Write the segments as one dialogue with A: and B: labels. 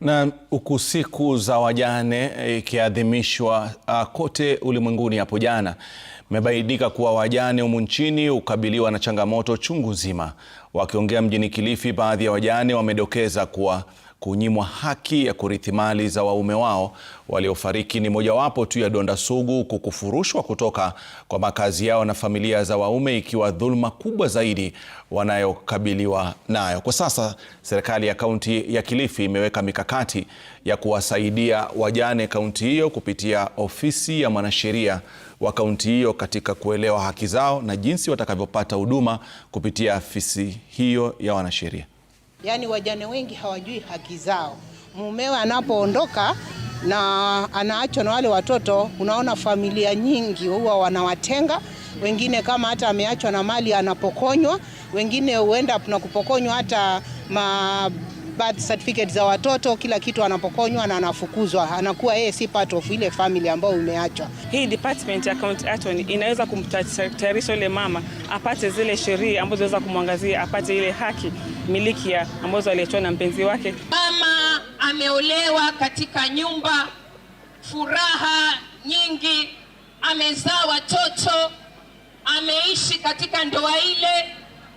A: Na huku siku za wajane eh, ikiadhimishwa ah, kote ulimwenguni hapo jana, imebainika kuwa wajane humu nchini hukabiliwa na changamoto chungu nzima. Wakiongea mjini Kilifi, baadhi ya wajane wamedokeza kuwa kunyimwa haki ya kurithi mali za waume wao waliofariki ni mojawapo tu ya donda sugu, huku kufurushwa kutoka kwa makazi yao na familia za waume ikiwa dhuluma kubwa zaidi wanayokabiliwa nayo. Kwa sasa, serikali ya kaunti ya Kilifi imeweka mikakati ya kuwasaidia wajane kaunti hiyo kupitia ofisi ya mwanasheria wa kaunti hiyo katika kuelewa haki zao na jinsi watakavyopata huduma kupitia afisi hiyo ya wanasheria.
B: Yaani wajane wengi hawajui haki zao. Mumewe anapoondoka na anaachwa na wale watoto, unaona familia nyingi huwa wanawatenga wengine, kama hata ameachwa na mali anapokonywa, wengine huenda na kupokonywa hata ma birth certificate za watoto, kila kitu anapokonywa na anafukuzwa, anakuwa yeye si part of ile family ambayo umeachwa.
C: Hii department ya account attorney inaweza kumtayarisha yule mama apate zile sheria ambazo zinaweza kumwangazia apate ile haki miliki ya ambazo aliachwa na mpenzi wake.
D: Mama ameolewa katika nyumba furaha nyingi, amezaa watoto, ameishi katika ndoa ile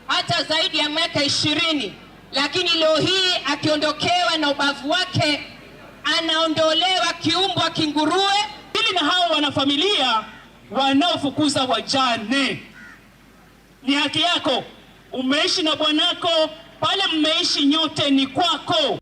D: hata zaidi ya miaka ishirini lakini leo hii akiondokewa na ubavu wake, anaondolewa kiumbwa kinguruwe
E: ili na hao wanafamilia wanaofukuza wajane. Ni haki yako, umeishi na bwanako pale, mmeishi nyote, ni kwako.